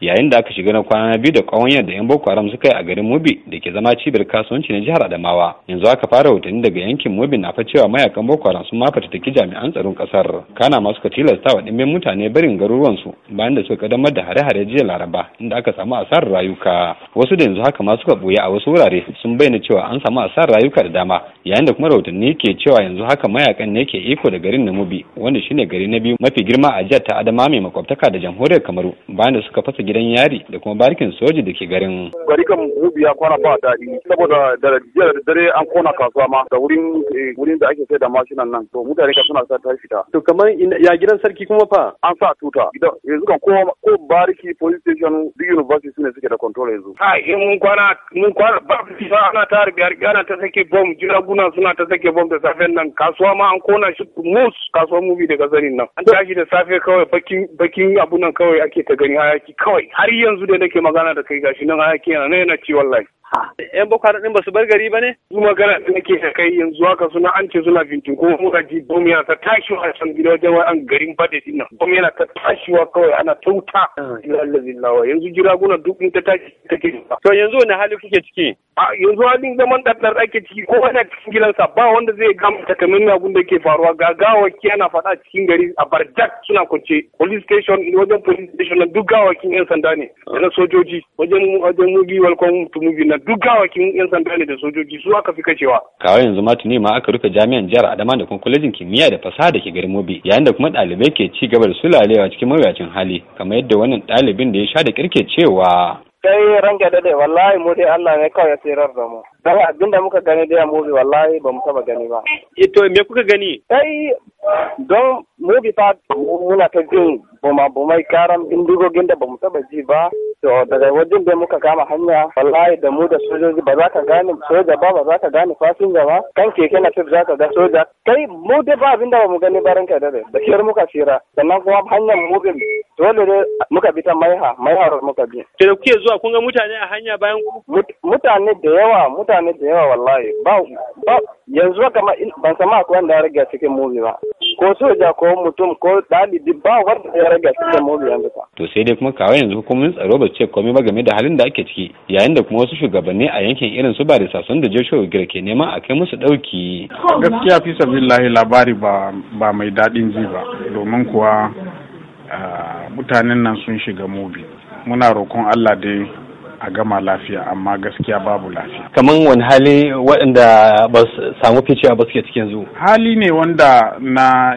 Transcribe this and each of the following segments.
yayin da aka shiga na kwana biyu da ƙawanyar da 'yan boko haram suka yi a garin mubi da ke zama cibiyar kasuwanci na jihar adamawa yanzu aka fara watanni daga yankin mubi na fa cewa mayakan boko haram sun mafa taki jami'an tsaron kasar. kana ma suka tilasta wa ɗimbin mutane barin garuruwansu bayan da suka kaddamar da hare-hare jiya laraba inda aka samu asarar rayuka wasu da yanzu haka ma suka ɓoye a wasu wurare sun bayyana cewa an samu asarar rayuka da dama yayin da kuma rahotanni ke cewa yanzu haka mayakan ne ke iko da garin namubi wanda shine gari na biyu mafi girma a jihar ta adama mai makwabtaka da jamhuriyar kamaru bayan da suka fasa gidan yari da kuma barikin soji da ke garin gari kan mubi ya kwana ba daɗi saboda da jiya da dare an kona kasuwa ma da wurin eh, wurin da ake sai da mashinan nan to mutane ka suna sa ta fita to kamar ya gidan sarki kuma fa an sa tuta yanzu kan ko ko bariki police station duk university sune suke da control yanzu ha eh, mun kwana mun kwana ba ana ta harbi ta sake bomb jira suna suna ta sake bom da safen nan kasuwa ma an kona shi mus kasuwar mubi daga zanin nan an tashi da safe kawai bakin bakin abu nan kawai ake ta gani hayaki kawai har yanzu da nake magana da kai gashi nan hayaki yana yana ciwon wallahi yan boko din ba su bar gari ba ne su magana da nake kai yanzu haka suna an ce suna fintin ko mu ji bom yana ta tashiwa a san gida wajen an garin ba din nan bom yana ta wa kawai ana tauta yanzu jiraguna duk in ta tashi take to yanzu wani hali kuke ciki A yanzu halin zaman ɗaɗɗar ake ciki ko wani cikin gidansa ba wanda zai gama takamaiman abin da ke faruwa ga gawaki ana faɗa cikin gari a barjak suna kwance police station wajen police station duk gawakin yan sanda ne Yana sojoji wajen wajen mugi walkon mutum mugi na da duk gawakin yan sanda ne da sojoji su aka fi kashewa kawai yanzu ma tuni ma aka rufe jami'an jihar Adama da kuma kwalejin kimiyya da fasaha da ke garin Mobi yayin da kuma ɗalibai ke ci gaba da sulalewa cikin mawuyacin hali kamar yadda wannan ɗalibin da ya sha da kirke cewa sai ranke dade wallahi mu dai Allah ne kawai ya tsirar da mu dan abin da muka gani dai Mubi, wallahi ba mu taba gani ba ito eh, me kuka gani sai don mu bi fa muna ta jin boma bomai karan bindigogin da bamu taba ji ba to daga wajen da muka kama hanya wallahi da mu da sojoji ba za ka gane soja ba ba za ka gane fasinja ba kan keke na za ka ga soja kai mu da ba abin da bamu gani barin ka da da kiyar muka tsira sannan kuma hanyar mu bi dole ne muka bi ta maiha maiha muka bi to da kuke zuwa kun ga mutane a hanya bayan ku mutane da yawa mutane da yawa wallahi ba yanzu kamar ban sama akwai wanda ya rage cikin mu ba ko soja ko mutum ko dalibi ba wanda ya rage cikin mabiyan bisa. To sai dai kuma kawai yanzu hukumomin tsaro ba ce komai ba game da halin da ake ciki yayin da kuma wasu shugabanni a yankin irin su Barisa sun da Joshua Gira ke nema a kai musu ɗauki. Gaskiya fi sabillahi labari ba ba mai daɗin ji ba domin kuwa ah, mutanen nan sun shiga mobi. Muna roƙon Allah dai a gama lafiya amma gaskiya babu lafiya kaman wani hali waɗanda ba su samu fice ba suke cikin zu hali ne wanda na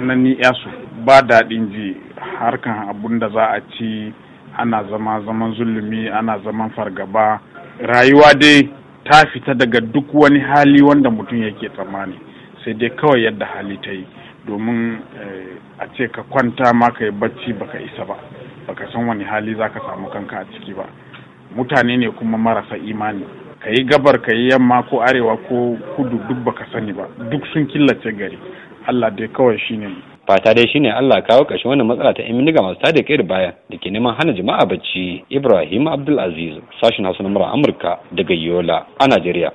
na yasu ba daɗin ji harkan abun da za a ci ana zama zaman zulumi ana zaman fargaba rayuwa dai ta fita daga duk wani hali wanda mutum yake tsammani sai dai kawai yadda hali ta yi domin eh, a ce ka kwanta ma ka yi bacci baka isa ba baka san wani hali za ka samu kanka a ciki ba mutane ne kuma marasa imani ka yi gabar ka yi yamma ko arewa ko kudu duk baka sani ba duk sun killace gari allah dai kawai shine ne fata dai shine Allah kawo ƙarshen wannan matsala ta ga masu tada kai baya da ke neman hana jama'a bacci Ibrahim Abdulaziz sashen Hausa na Amurka daga Yola a Najeriya